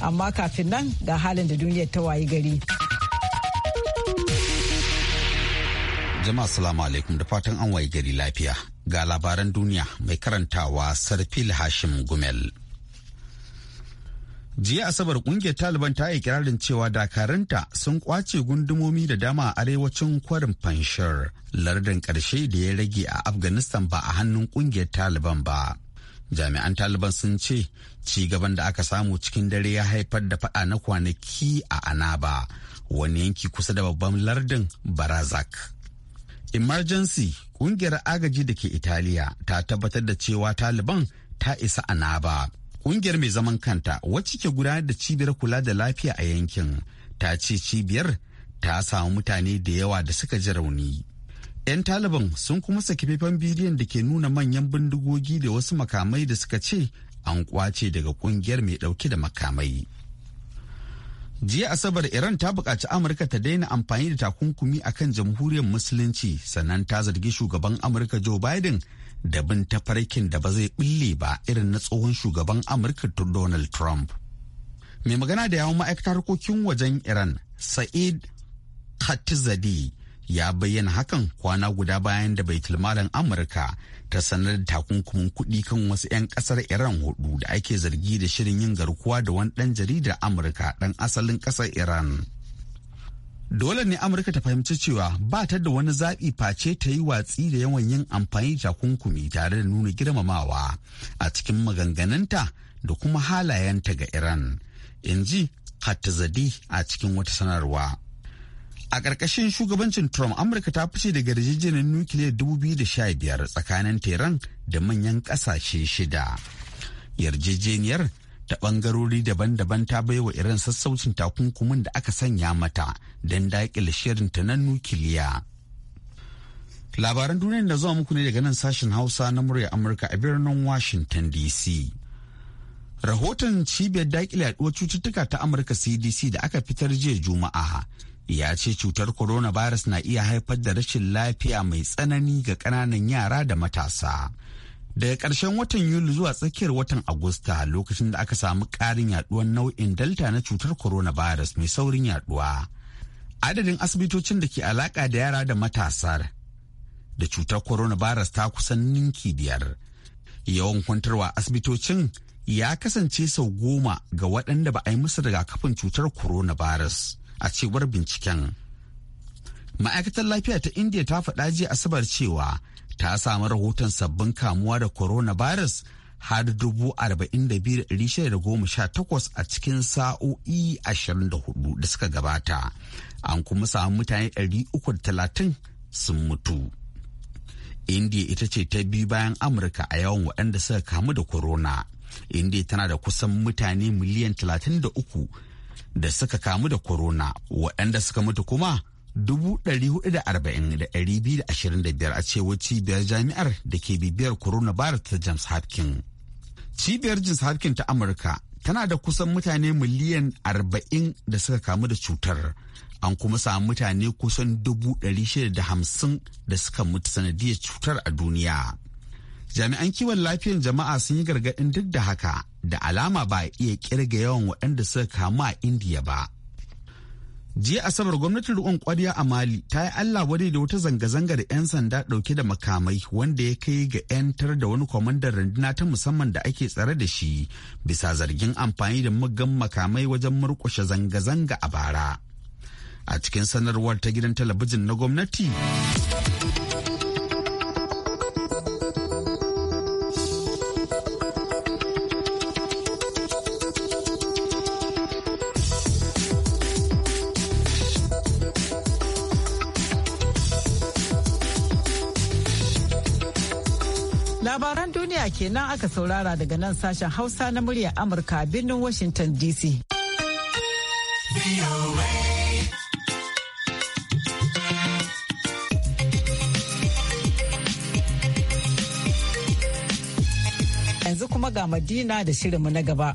amma kafin nan ga halin da duniyar ta wayi gari. Jama'a salamu alaikum da fatan an wayi gari lafiya ga labaran duniya mai karantawa Sarfil Hashim Gumel. Jiya Asabar kungiyar Taliban ta yi kirarin cewa dakaranta sun kwace gundumomi da dama a arewacin kwarin Panshir, lardin ƙarshe da ya rage a Afghanistan ba a hannun kungiyar Taliban ba. jami'an taliban sun ce ci gaban da aka samu cikin dare ya haifar da fada na kwanaki a anaba wani yanki kusa da babban lardin barazak emergency kungiyar agaji da ke italiya ta tabbatar da cewa taliban ta isa anaba kungiyar mai zaman kanta wacce ke gudanar da cibiyar kula da lafiya a yankin ta ce cibiyar ta samu mutane da yawa da suka ji rauni 'yan taliban sun kuma saki faifan bidiyon da ke nuna manyan bindigogi da wasu makamai da suka ce an kwace daga kungiyar mai dauke da makamai jiya asabar iran ta buƙaci amurka ta daina amfani da takunkumi a kan jamhuriyar musulunci sannan ta zargi shugaban amurka joe biden da bin tafarkin da ba zai bulle ba irin na tsohon shugaban amurka donald trump mai magana da yawon ma'aikatar harkokin wajen iran sa'id khatizadeh ya bayyana hakan kwana guda bayan da baitulmalin amurka ta sanar da takunkumin kuɗi kan wasu 'yan ƙasar iran hudu da ake zargi da shirin yin garkuwa da wani ɗan jaridar amurka ɗan asalin ƙasar iran dole ne amurka ta fahimci cewa ba ta da wani zaɓi face ta yi watsi da yawan yin amfani da takunkumi tare da nuna girmamawa a cikin maganganunta da kuma halayenta ga iran in ji a cikin wata sanarwa A ƙarƙashin shugabancin Trump, Amurka ta fice daga yarjejeniyar nukiliyar 2015 tsakanin Tehran da manyan ƙasashe shida. Yarjejeniyar ta ɓangarori daban-daban ta baiwa Iran sassaucin takunkumin da aka sanya mata don daƙile shirinta na nukiliya. Labaran duniyar da zuwa muku ne daga nan sashen Hausa na murya Amurka a birnin Washington DC. Rahoton cibiyar daƙile yaɗuwar cututtuka ta Amurka CDC da aka fitar jiya Juma'a. ya ce cutar coronavirus na iya haifar da rashin lafiya mai tsanani ga ƙananan yara da matasa. Daga ƙarshen watan Yuli zuwa tsakiyar watan Agusta lokacin da aka samu ƙarin yaduwar nau'in Delta na cutar coronavirus mai saurin yaduwa. Adadin asibitocin da ke alaƙa da yara da matasar da cutar coronavirus ta kusan ninki biyar. Yawan kwantarwa asibitocin ya kasance sau goma ga waɗanda ba a yi musu rigakafin cutar coronavirus. a cewar binciken ma'aikatar lafiya ta india ta faɗa jiya asabar cewa ta samu rahoton sabbin kamuwa da coronavirus har da 42,618 a cikin sa'o'i 24 da suka gabata an kuma samu mutane 330 sun mutu india ita ce ta biyu bayan amurka a yawan waɗanda suka kamu da corona india tana da kusan mutane miliyan talatin uku. da suka kamu da corona waɗanda suka mutu kuma 440,225 a cewar cibiyar jami'ar da ke bibiyar coronavirus ta James Hopkins. Cibiyar James Hopkins ta Amurka tana da kusan mutane miliyan 40 da suka kamu da cutar. An kuma samu mutane kusan 650 da suka mutu sanadiyar cutar a duniya. jami'an kiwon lafiyan jama'a sun yi gargaɗin duk da haka da alama ba iya kirga yawan waɗanda suka kamu a indiya ba jiya asabar gwamnatin ruwan ƙwarya a mali ta yi allah wani da wata zanga-zanga da 'yan sanda ɗauke da makamai wanda ya kai ga 'yantar da wani kwamandan runduna ta musamman da ake tsare da shi bisa zargin amfani da muggan makamai wajen murƙushe zanga-zanga a bara a cikin sanarwar ta gidan talabijin na gwamnati kenan aka saurara daga nan sashen Hausa na muryar Amurka a birnin Washington DC. Yanzu kuma ga Madina da shirinmu na gaba.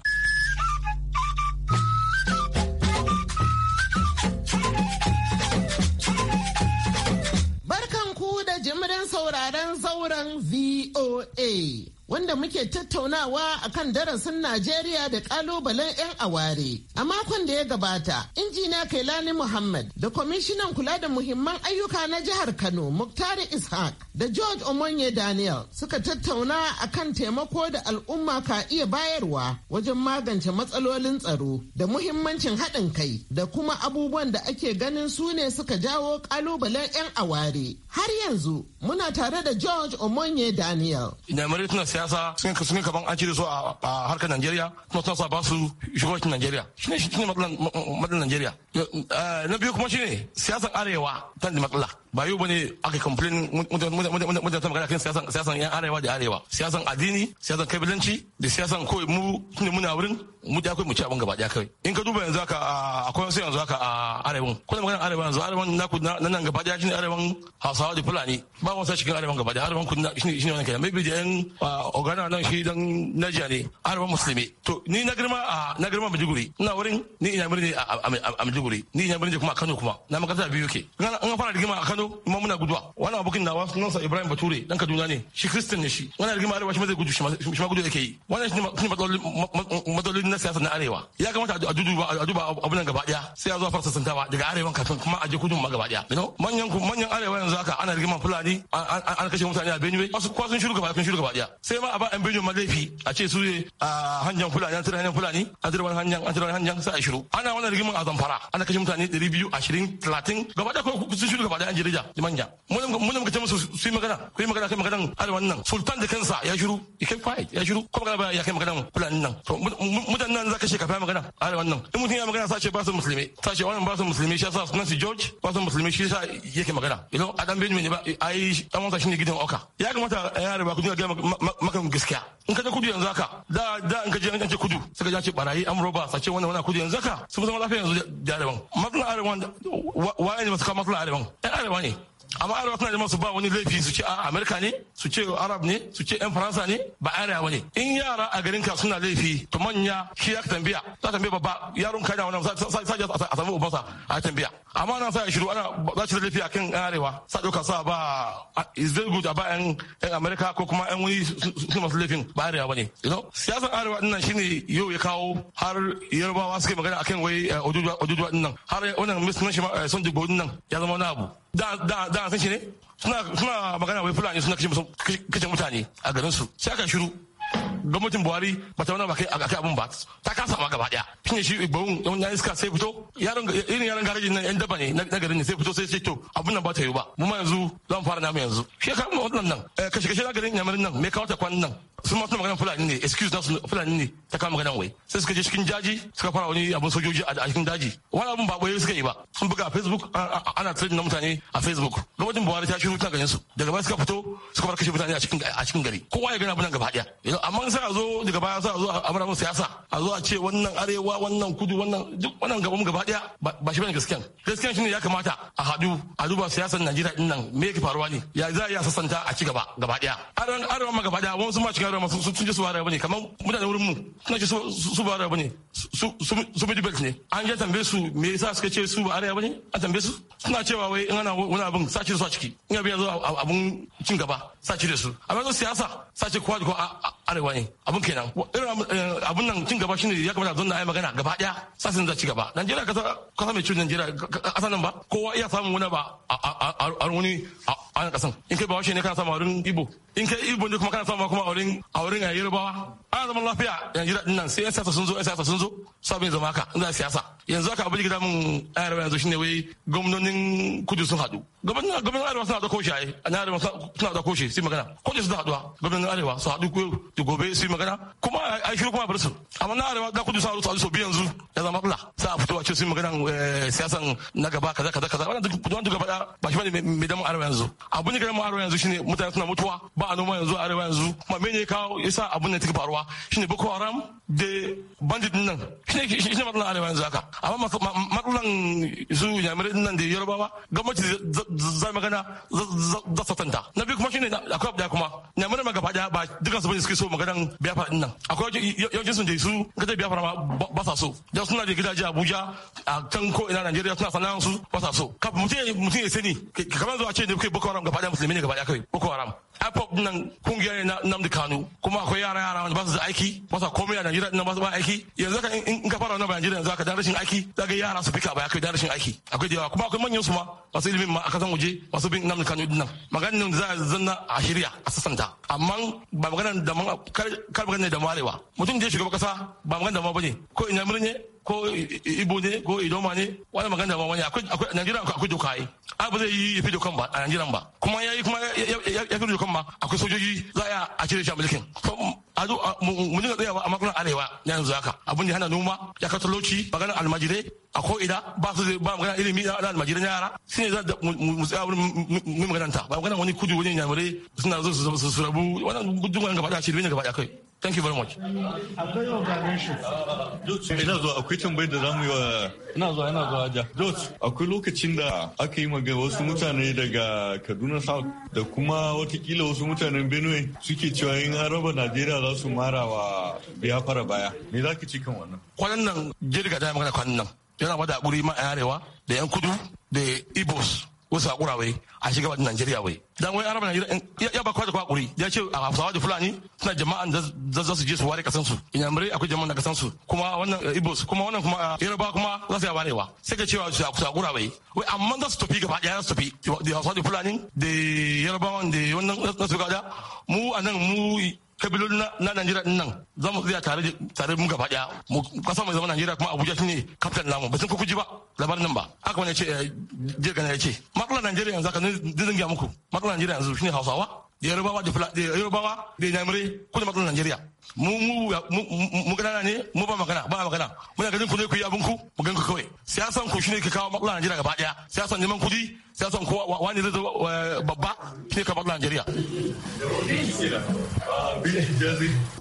da muke tattaunawa akan darasin Najeriya da kalubalen 'yan aware. A makon da ya gabata, injina Kailani Muhammad da kwamishinan kula da muhimman ayyuka na jihar Kano Muktari Ishaq da George Omonye Daniel suka tattauna akan taimako da al'umma ka iya bayarwa wajen magance matsalolin tsaro da muhimmancin haɗin kai da kuma abubuwan da ake ganin su ne suka jawo kalubalen 'yan aware. Har yanzu muna tare da George Omonye Daniel. Ina siyasa suna sun kaban an cire su a harkar Najeriya kuma sun sa ba su shugabancin Najeriya shine shine matsalar Najeriya na biyu kuma ne siyasar arewa ta da matsala ba yau bane aka complain mutane ta magana kan siyasan siyasan yan arewa da arewa siyasan addini siyasan kabilanci da siyasan kawai mu ne muna wurin mu da akwai mu ci abin gaba daya kai in ka duba yanzu haka akwai wasu yanzu haka a arewa. kuna magana arewa yanzu arewan naku na nan gaba daya ne arewan Hausawa da Fulani ba wasa cikin arewan gaba daya arewan ku shi ne wannan kenan maybe da yan kana nan shi dan naija ne arewa musulmi to ni na girma a na girma maiduguri ina wurin ni ina murni a maiduguri ni ina murni kuma a kano kuma na makaranta biyu ke an fara rigima a kano kuma muna guduwa wannan abokin nawa sa ibrahim bature dan kaduna ne shi kristin ne shi wannan rigima arewa shi ma zai gudu shi ma gudu yake yi wannan shi ne matsalolin na siyasa na arewa ya kamata a duba a duba abin nan gaba daya sai a zo fara sassantawa daga arewan kafin kuma a je kudun ma gaba daya manyan manyan arewa yanzu haka ana rigiman fulani an kashe mutane a benue wasu kwasun sun gaba sun shiru gaba daya sai ma a ba an bidiyon malafi a ce su ne a hanyar fulani an tare hanyar fulani an tare wani hanyar an tare wani hanyar sai a shiru ana wannan rigimin a zamfara ana kashe mutane ɗari biyu ashirin talatin gaba da kuma sun shiru gaba da yan jirija manja mun muka ce musu su yi magana ku yi magana kai magana arewa wannan sultan da kansa ya shiru ya kai quiet ya shiru ko magana ya kai magana fulani nan to mutan nan za ka ce ka fa magana arewa wannan in mutum ya magana sa ce ba su musulmi sa ce wannan ba su musulmi shi yasa sunan su George ba su musulmi shi yasa yake magana you know adam bin ne ba ai dan wasa shine gidan oka ya kamata ya arewa ku ga maka gaskiya in ka je kudu yanzu haka da da in ka je an ce kudu suka ji ce barayi an roba sace wannan wannan kudu yanzu haka sun zama lafiya yanzu da arewan matsalar arewan wa'ani ba su kawo matsalar arewan ɗan arewa ne amma arewa kuna jama'a su ba wani laifi su ce a amerika ne su ce arab ne su ce yan faransa ne ba arewa wani. ne in yara a garin ka suna laifi to manya shi ya tambiya. za tambaya babba yaron ka da wannan sa a samu ubansa a tambiya. amma nan sa ya shiru ana za shi laifi a kan arewa sa dauka sa ba is very good a ba yan amerika ko kuma yan wani su masu laifin ba arewa you know siyasan arewa dinnan shine yau ya kawo har yarbawa suke magana akan wai eh, ojujuwa dinnan har wannan miss ma son jigbo dinnan ya zama wani abu da da san shi ne suna suna magana wai fulani suna kashe mutane a garin su sai aka shiru gwamnatin buhari ba ta wani ba kai abin ba ta kasa ma gaba daya cinye shi bawun don ya iska sai fito yaron irin yaron garaji nan yan daba ne na garin ne sai fito sai sai to abun nan ba ta yi ba mu ma yanzu zan fara namu yanzu shi ka mu wannan nan eh, kashe kashe na garin yamarin nan me kawo ta kwanan nan sun ma suna magana fulani ne excuse na fulani ne ta kama maganan wai sai suka je cikin daji suka fara wani abun sojoji a cikin daji wani abun ba boye suka yi ba sun buga a facebook ana trading na mutane a facebook lokacin buhari ta shiru ta ganin su daga baya suka fito suka fara kashe mutane a cikin a cikin gari kowa ya gana abun nan gaba daya amma sai a zo daga baya sai a zo a amara siyasa a zo a ce wannan arewa wannan kudu wannan duk wannan gaban gaba daya ba shi bane gaskiyan gaskiyan shine ya kamata a hadu a duba siyasar Najeriya din nan me yake faruwa ne ya za ya sassanta a ci gaba gaba daya arewa arewa ma gaba daya sun ma cikin arewa sun sun ji su arewa bane kamar mutanen wurin mu suna ji su ba arewa bane su su middle belt ne an je tambaye su me yasa suka ce su ba arewa bane an tambaye su suna cewa wai in ana wani abin sace su a ciki in abin biya zo abun cin gaba sace da su amma zo siyasa sace kwa da kwa arewa ne abun kenan irin eh, abun nan cin gaba shine ya kamata zo na ai magana gaba daya sasin za ci gaba najeriya kasa mai cin najeriya kasa nan ba kowa iya samun wani ba a an kasan in kai bahaushe ne kana samu auren ibo in kai ibo ne kuma kana samu kuma auren auren a yarbawa ana zama lafiya yanzu da dinnan sai yan siyasa sun zo yan siyasa sun zo sabin zama haka in za siyasa yanzu aka abin gida mun arewa yanzu shine wai gwamnonin kudu sun haɗu gwamnonin arewa suna da koshe ai na arewa suna da koshe sai magana koshe sun haɗuwa gwamnonin arewa su haɗu to gobe sai magana kuma ai shiru kuma a su amma na arewa da kudu sun haɗu su haɗu so yanzu ya zama kula sai a fito a ce sai magana siyasan na gaba kaza kaza kaza wannan duk gaba ba shi bane mai damun arewa yanzu abin da karamin arewa yanzu shine mutane suna mutuwa ba a noma yanzu arewa yanzu ma ne kawo yasa abin da take faruwa shine boko haram da bandit nan shine shine matsalan arewa yanzu haka amma matsalan su yamirai nan da yarbawa gwamnati za magana za satanta na su bane suke so maganan biafra din nan akwai yawancin sun su ka ta biafra ma ba sa so da suna da gidaje abuja a can ko ina najeriya suna sana'an su ba sa so kafin mutum ya sani kamar zuwa ce ne kai boko haram gaba daya musulmi ne gaba da kai boko haram IPOP nan kungiya ne na Namdi Kanu kuma akwai yara yara wanda ba su da aiki ba su komai a Najeriya nan ba su ba aiki yanzu ka in ka fara wannan bayan Najeriya yanzu ka da rashin aiki za yara su fika ba kai da rashin aiki akwai da yawa kuma akwai manyan su ma wasu ilimin ma a kasan waje wasu bin Namdi Kanu din nan maganin da za a zanna a shirya a sassanta amma ba maganar da kar maganar da marewa mutum da ya shiga kasa ba maganar da ma bane ko ina murne ko ibo ne ko ma ne wani magana da wani akwai najeriya akwai doka yi a ba zai yi ya fi dokan ba a najeriya ba kuma ya yi kuma ya fi dokan ba akwai sojoji za a yi a cire shi a mulkin a zo mu dinga tsayawa a makonan arewa yanzu haka abin da hana noma ya ka talauci magana almajirai a ko ida ba su ba magana ilimi na almajirai na yara shi ne za mu tsaya wurin mu ta ba magana wani kudu wani yamurai suna zo su rabu wannan gudun gaba da shirin gaba da kai Thank you very much. Akwai yau ganin shi. Jos, ina zuwa akwai tambayar da zamu yi wa ina zuwa ina zuwa ja. Jos, akwai lokacin da aka yi maga wasu mutane daga Kaduna South da kuma watakila wasu mutanen Benue suke cewa in an Najeriya za su mara wa Biafra baya. Me za ka ci kan wannan? Kwanan nan jirga ta magana kwanan nan. Yana bada hakuri ma arewa da 'yan kudu da ibos. wasu hakura wai a shiga wajen Najeriya wai dan wai araba Najeriya ya ba kwaje kwakuri ya ce a Hausawa da Fulani suna jama'an da za su je su ware kasan su inyamurai akwai jama'an da kasan su kuma wannan eh, Ibos kuma wannan kuma ah, Yoruba kuma za su yi warewa sai ka cewa su hakura wai wai amma za su tafi gaba ɗaya za su tafi da Hausawa da Fulani da Yoruba da wannan za su gada mu a nan mu kabilolin na Najeriya din nan za mu tsaya tare tare mu gaba daya mu kasa mai zama Najeriya kuma Abuja shine captain namu ba sun ku ji ba labarin nan ba haka wani ya ce eh, jirgin ya ce matsalar Najeriya yanzu ka zan gaya muku matsalar Najeriya yanzu shine Hausawa yarubawa da yarubawa da ko kuna matsalar najeriya mu mu mu ganana ne mu ba magana ba magana muna ganin ku ne ku yi abin ku mu ganku kawai siyasan ku shine ka kawo matsalar najeriya gaba daya siyasan neman kudi siyasan ko wani zai babba ne ka matsalar najeriya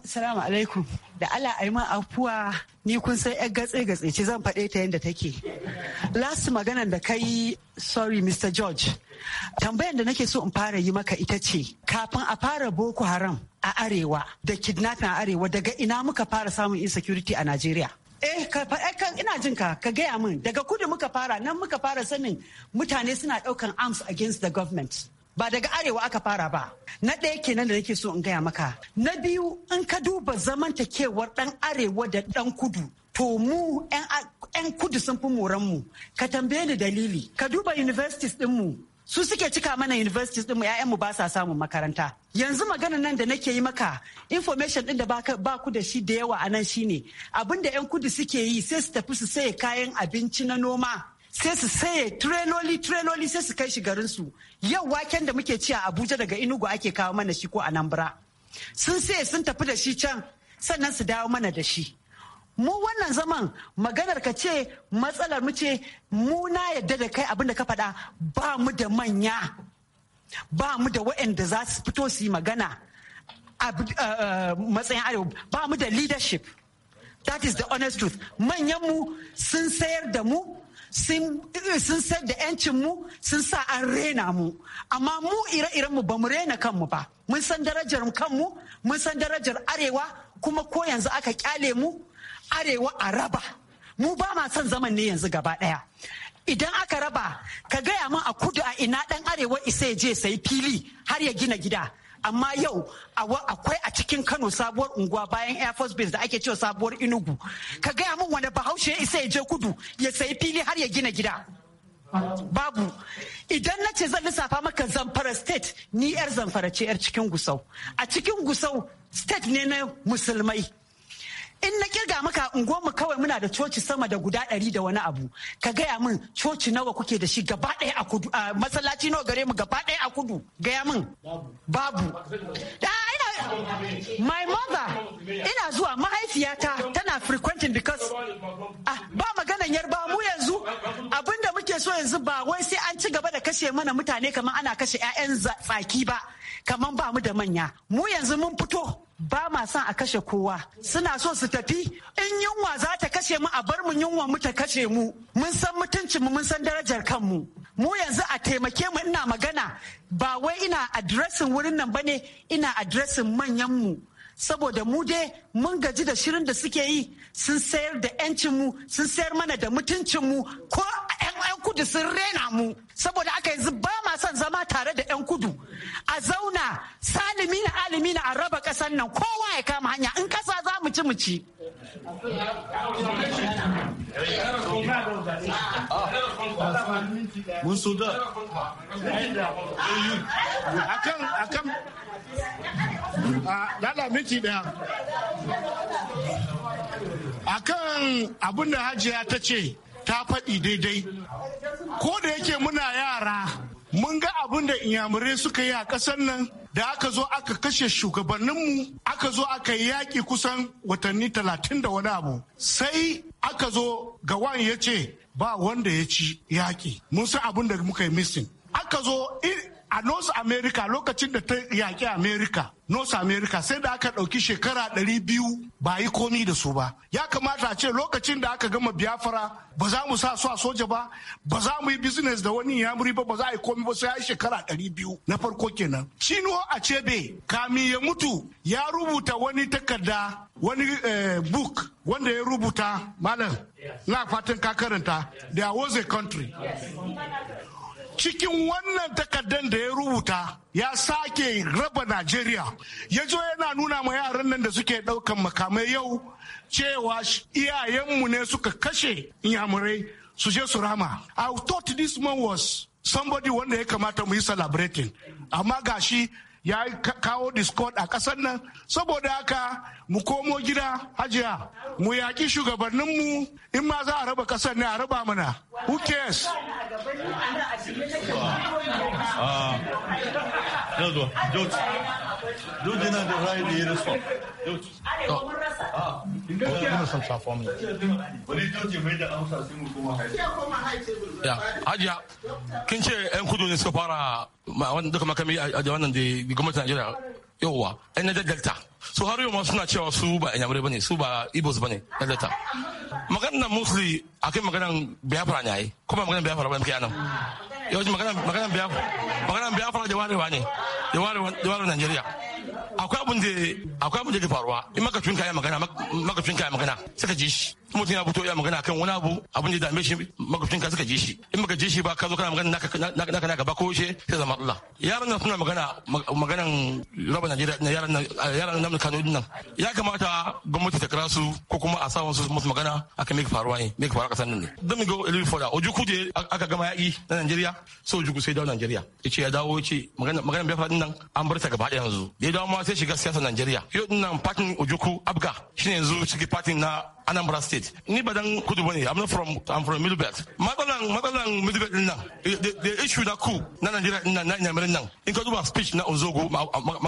assalamu alaikum da ala aima afuwa ni kun san yan gatse gatse ce zan faɗe ta yadda take last maganan da kai sorry mr george tambayar da nake so in fara yi maka ita ce kafin a fara boko haram a arewa da kidnapping a arewa daga ina muka fara samun insecurity a najeriya eh ka eh, ina jin ka ka gaya min daga kudu muka fara nan muka fara sanin mutane suna daukan arms against the government ba daga arewa aka fara ba na ɗaya kenan da nake so in gaya maka na biyu in ka duba zamantakewar ɗan arewa da ɗan kudu to mu 'yan kudu sun fi mu ka tambaye ni dalili ka duba universities mu. su suke cika mana universities din mu 'ya'yan mu ba sa samun makaranta yanzu maganan nan da nake yi maka information din da ba ku da shi da yawa a nan shine abin da yan kudu suke yi sai su tafi su saye kayan abinci na noma sai su saye trenoli trenoli sai su kai shi garin su yau waken da muke ci a Abuja daga inugu ake kawo mana shi ko Anambra sun saye sun tafi da shi can sannan su dawo mana da shi mu wannan zaman maganar ka ce matsalar mu ce mu na yadda da kai abinda ka faɗa ba mu da manya ba mu da waɗanda za su fito su yi magana a matsayin arewa ba mu da leadership that is the honest truth manyanmu sun sayar da mu sun sayar da mu sun sa an rena mu amma mu ire-irenmu ba mu rena kanmu ba mun san darajar kanmu mun san darajar arewa kuma ko yanzu aka kyale mu arewa a raba mu ba ma son zaman ne yanzu gaba daya idan aka raba ka gaya min a kudu a ina dan arewa isa ya je sai fili har ya gina gida amma yau akwai a cikin kano sabuwar unguwa bayan air force base da ake cewa sabuwar inugu ka gaya mun wani bahaushe ya isa ya je kudu ya sayi fili har ya gina gida babu idan na ce zan lissafa maka zamfara state ni yar zamfara ce yar cikin gusau a cikin gusau state ne na musulmai in na kirga maka unguwar mu kawai muna da coci sama da guda ɗari da wani abu ka gaya min coci nawa kuke da shi gaba ɗaya a kudu masallaci nawa gare mu gaba ɗaya a kudu gaya min babu my mother ina zuwa mahaifiyata tana frequenting because ah, ba maganan yarba mu yanzu abinda muke so yanzu ba wai sai an ci gaba da kashe mana mutane kamar ana kashe 'ya'yan tsaki ba kamar ba mu da manya mu yanzu mun fito ba ma son a kashe kowa suna so su tafi in yunwa za ta kashe mu a bar mu yunwa mu ta kashe mu mun san mutuncin mu mun san darajar kanmu mu yanzu a taimake mu ina magana ba wai ina adiresin wurin nan bane ina adiresin manyan mu saboda mu dai mun gaji da shirin da suke yi sun sayar da 'yancin mu sun sayar mana da mutuncin mu ko 'yan kudu sun rena mu saboda aka yanzu ba ma son zama tare da 'yan kudu a zauna salimi na alimi na a raba ƙasar nan kowa ya kama hanya in kasa za mu ci mu ci. A kan Akan abin da hajiya ta ce ta faɗi daidai ko da yake muna yara mun ga abin da inyamurai suka yi a ƙasar nan da aka zo aka kashe shugabanninmu aka zo aka yi yaƙi kusan watanni talatin da wani abu sai aka zo gawan ya ce ba wanda ya ci yaƙi mun san abin da muka yi missing aka zo a north america lokacin da ta yaƙi america north america sai da aka ɗauki shekara ɗari biyu ba yi komi da su ba ya kamata a ce lokacin da aka gama biyafara, ba za mu sa su a soja ba ba za mu yi business da wani yamuri ba ba za a yi komi ba sai ya yi shekara ɗari biyu na farko kenan ce achebe kami ya mutu ya rubuta wani takarda wani eh, book wanda ya rubuta malam na fatan ka karanta there was a country cikin wannan takardar da ya rubuta ya sake raba Najeriya ya zo yana nuna ma yaran nan da suke ɗaukan makamai yau cewa iyayenmu ne suka kashe inyamurai su je su rama. I thought this man was somebody wanda ya kamata mu yi celebrating amma gashi ya kawo discord a ƙasar nan saboda haka mu komo gida hajiya mu yaƙi shugabanninmu in ma za a raba ƙasar ne a raba mana who cares ah. Ah. Duk yana da rayu da ya rasu. Arewa mun rasa. Mun san safa mu. Wani doke mai da amsa sai mu koma haice. Ya, Hajiya, kin ce 'yan kudu ne suka fara duka makami a wannan da gwamnatin Najeriya yauwa yan na delta su har yau ma suna cewa su ba inyamurai bane su ba ibos bane na delta maganar musli kai maganar biafra ne ai kuma maganar biafra ne kai nan yawanci maganar maganar biafra maganar biafra da warewa ne da warewa da warewa Najeriya akwai abin da akwai abin da ke faruwa in maka tun kayan magana maka tun kayan magana saka ji shi in mutum ya fito ya magana kan wani abu abin da dame shi makwabcin ka suka ji shi in maka ji shi ba ka zo kana magana naka naka naka ba ko she sai zama Allah yaran nan suna magana maganan raba Najeriya yaran nan yaran nan Kano din nan ya kamata gwamnati ta kira su ko kuma a sa su musu magana akan me faruwa ne me faruwa kasan nan ne don mu go a little further ojuku je aka gama yaki na Najeriya sai oju sai dawo Najeriya yace ya dawo yace magana magana bai faɗin nan an bar ta gaba ɗaya yanzu bai dawo ma sai shiga siyasar Najeriya yau din nan fatin ojuku abga shine yanzu cikin fatin na Anambra State. Ni Badang kudu bane, I'm not from I'm from Middle Belt. Matsalan matsalan Middle Belt nan, the issue na ku na Najeriya na na Nyamirin nan. In ka duba speech na Ozogo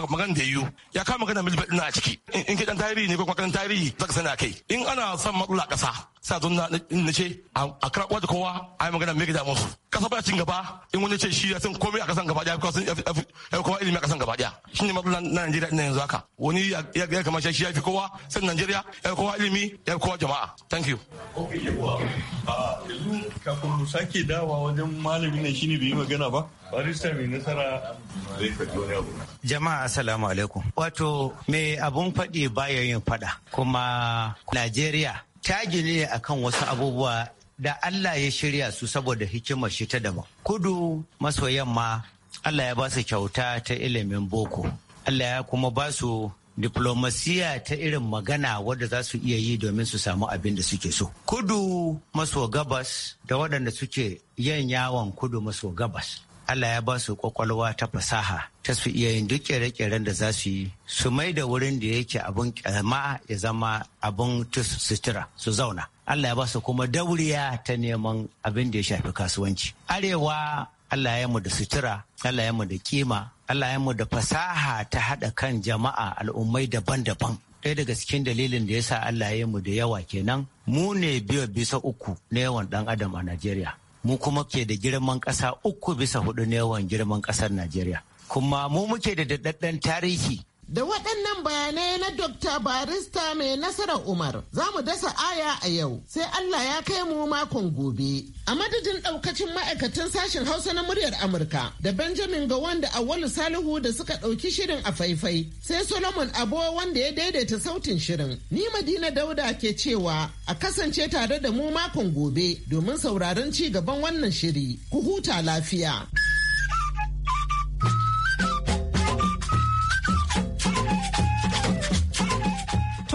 magana da yiwu, ya kama magana Middle Belt na a ciki. In ka dan tarihi ne ko kuma tarihi zaka sana kai. In ana son matsala kasa, sa zo na ce a karɓar da kowa a yi magana mai gida musu kasa ba cin gaba in wani ce shi ya san komai a kasan gaba daya ya kowa ilimi a kasan gaba ɗaya shi ne matsalar na najeriya ina yanzu haka wani ya ga kamar shi ya fi kowa san najeriya ya kowa ilimi ya kowa jama'a thank you okay yawa uh, uh, yanzu kafin mu sake dawa wajen malami ne shine bai yi magana ba barista mai nasara zai faɗi wani abu jama'a assalamu alaikum wato me abun faɗi bayan yin faɗa kuma najeriya ta ne ne akan wasu abubuwa da Allah ya shirya su saboda hikimar shi ta daban. Kudu maso yamma Allah ya ba su kyauta ta ilimin boko. Allah ya kuma ba su diplomasiya ta irin magana wadda za su iya yi domin su samu abin da suke so. Kudu maso gabas da waɗanda suke yan yawon kudu maso gabas. Allah ya ba su kwakwalwa ta fasaha ta su iya yin duk kere-keren da za su yi su mai da wurin da yake abin kyama ya zama abin sutura su zauna. Allah ya ba su kuma dauriya ta neman abin da ya shafi kasuwanci. Arewa Allah ya mu da sutura, Allah ya mu da kima, Allah ya mu da fasaha ta haɗa kan jama'a al'ummai daban-daban. ɗaya daga cikin dalilin da ya sa Allah ya mu da yawa kenan mu ne biyu bisa uku na yawan ɗan adam a Najeriya. mu kuma ke da girman ƙasa uku bisa hudu na yawan girman ƙasar Najeriya. Kuma mu muke da daɗaɗɗen tarihi Da waɗannan bayanai na Dokta Barista mai nasarar Umar za mu dasa aya a yau sai Allah ya kai mu makon gobe. A madadin ɗaukacin ma'aikatan sashen Hausa na muryar Amurka da Benjamin ga wanda Awwalu Salihu da suka ɗauki shirin a faifai sai Solomon Abo wanda ya daidaita sautin shirin. Ni Madina Dauda ke cewa a kasance tare da mu makon gobe domin sauraron ci gaban wannan shiri. Ku huta lafiya.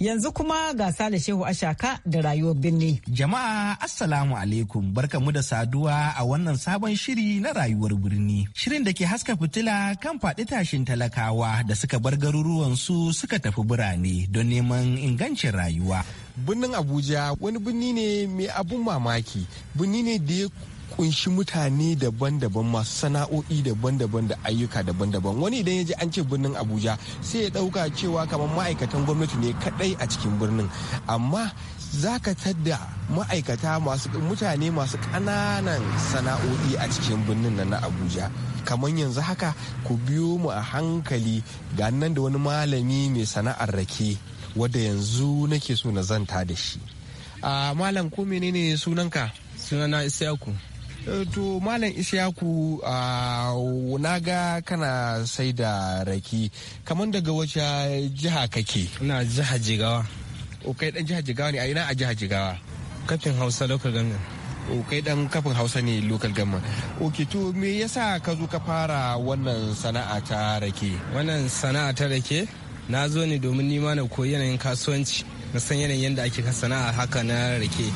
Yanzu kuma ga Sale Shehu Ashaka da rayuwar birni. Jama'a Assalamu alaikum barkamu da saduwa a wannan sabon shiri na rayuwar birni. Shirin da ke haska fitila kan faɗi tashin talakawa da suka bar garuruwan su suka tafi birane don neman ingancin rayuwa. Birnin Abuja wani birni ne mai abun mamaki, birni ne da ya kunshi mutane daban-daban masu sana'o'i daban-daban da ayyuka daban-daban wani idan ya ji an ce birnin abuja sai ya dauka cewa kamar ma'aikatan gwamnati ne kadai a cikin birnin amma za ka tadda ma'aikata masu mutane masu kananan sana'o'i a cikin birnin nan na abuja kamar yanzu haka ku biyo mu a hankali ga nan da wani malami mai sana'ar rake wadda yanzu nake so na zanta da shi ah, malam ko menene sunanka sunana ishaku. Eh, to malam Ishaku na ga kana sai da raki kamar daga wace jiha kake ina jiha jigawa o kai dan jiha jigawa ne a ina a jiha jigawa kafin hausa local government o kai dan kafin hausa ne local government ok to me yasa ka zo ka fara wannan sana'a ta rake wannan sana'a ta rake na zo ne domin nima na koyi yanayin kasuwanci na san yanayin yadda ake ka sana'a haka na rake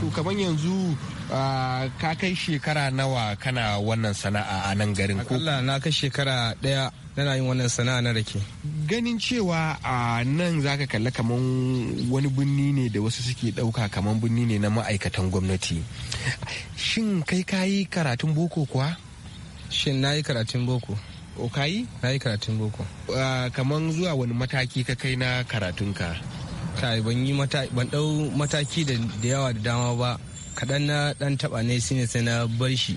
to kamar yanzu Ah, ka kai shekara nawa kana wannan sana'a a nan garin ko Allah na kai shekara daya nana yin wannan sana'a na rake ganin cewa a nan zaka kalla kaman wani binni ne da wasu suke dauka kaman binni ne na ma'aikatan gwamnati shin kai kayi karatun boko kuwa shin na yi karatun boko o kayi na yi karatun boko ah, kaman zuwa wani mataki ka kai na karatunka kai ban yi ban dau mataki da yawa da dama ba kaɗan na ɗan taɓa ne shine sai na bar shi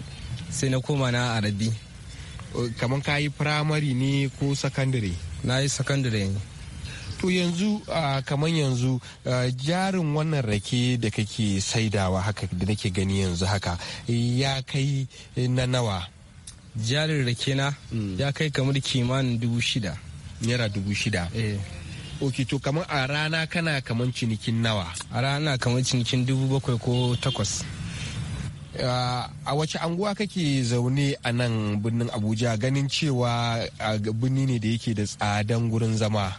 sai na koma na arabi kamar ka yi firamare ne ko sakandare na yi sakandare ne to yanzu kamar yanzu jarin wannan rake da kake saidawa haka da nake gani yanzu haka ya kai na nawa jarin rake na mm. ya kai kamar kimanin dubu shida naira dubu shida eh. ok to kamar a rana kana kamar cinikin nawa a rana kamar cinikin dubu bakwai ko takwas a wace anguwa kake zaune a nan birnin abuja ganin cewa birni ne da yake da tsadan gurin zama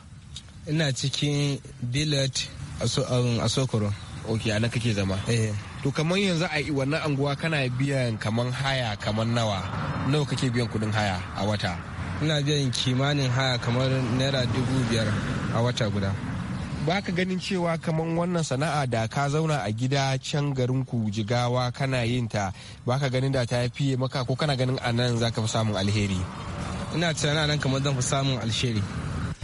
ina cikin billet a um, sokoro ok a nan kake zama eh. to kamar yanzu a wannan anguwa kana biyan kamar haya kamar nawa nawa kake biyan kudin haya a wata ina biyan kimanin haya kamar naira dubu biyar a wata guda ba ka ganin cewa kamar wannan sana'a da ka zauna a gida can garin ku jigawa kana yin ta ba ka ganin da ta fiye maka ko kana ganin a nan za ka fi samun alheri ina tunanin nan kamar zan fi samun alheri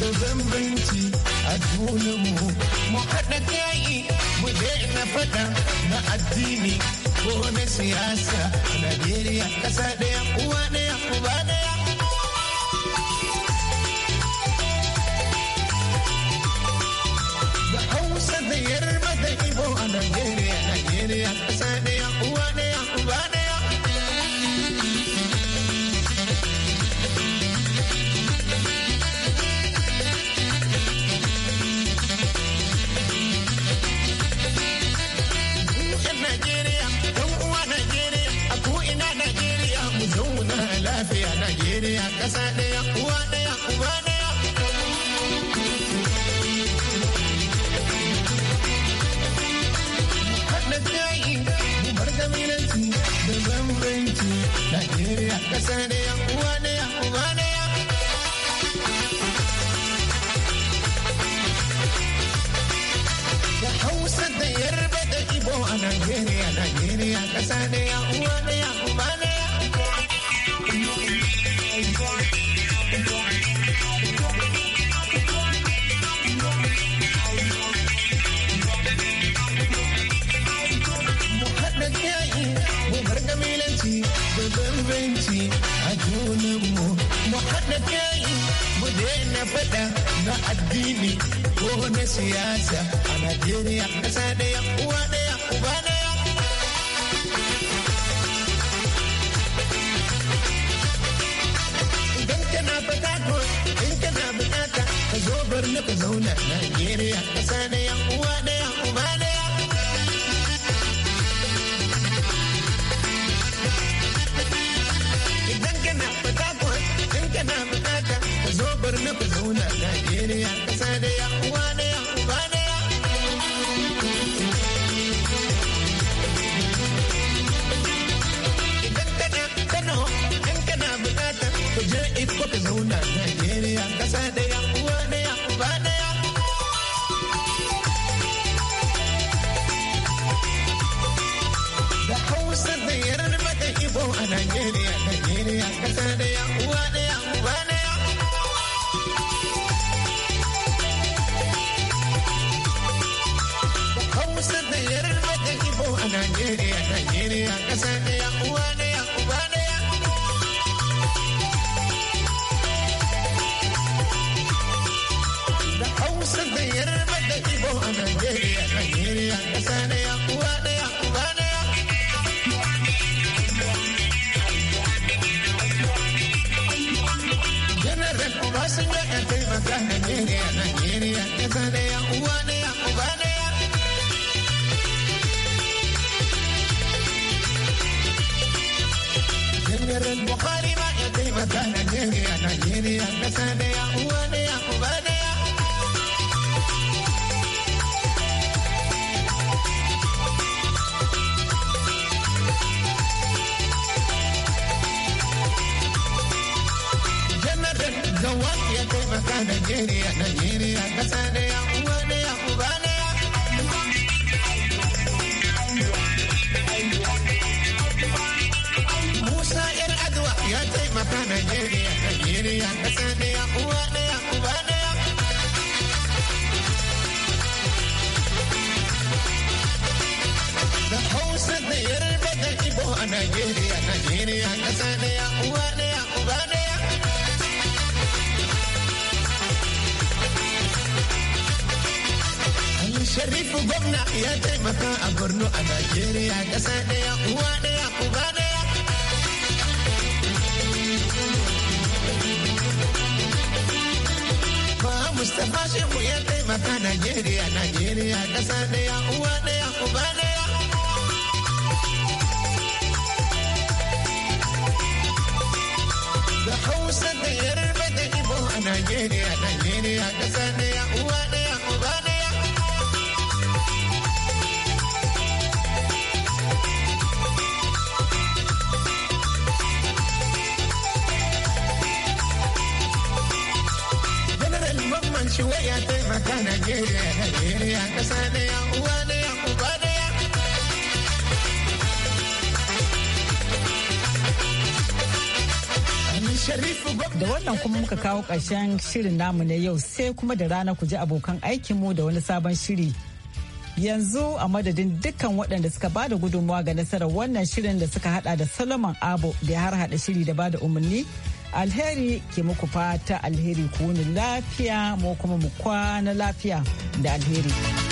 da bambanci a junanmu mu haɗa kai mu daina faɗa na addini ko na siyasa Najeriya ƙasa ɗaya uwa ɗaya uba ɗaya ƙasa addini ko na siyasa a Najeriya ƙasa ɗaya uwa ɗaya uba ɗaya. Idan kana bukata, idan kana bukata, ka zo bar na ka zauna Najeriya ƙasa ɗaya Saturday. ya taimaka a borno a najeriya ƙasa ɗaya uwa ɗaya uba ɗaya Mustapha Shehu ya taimaka Najeriya, Najeriya ƙasa ɗaya uwa ɗaya uba ɗaya. Da Hausa da Yarba da Ibo a Najeriya, Najeriya ƙasa Da wannan kuma muka kawo ƙarshen shirin namu na yau sai kuma da rana ku ji abokan aikinmu da wani sabon shiri. Yanzu a madadin dukkan waɗanda suka bada gudunmawa ga nasarar wannan shirin da suka hada da Solomon Abo da ya har hada shiri da bada umarni. alheri ke muku fata alheri kuni lafiya mu kuma mu kwana lafiya da alheri.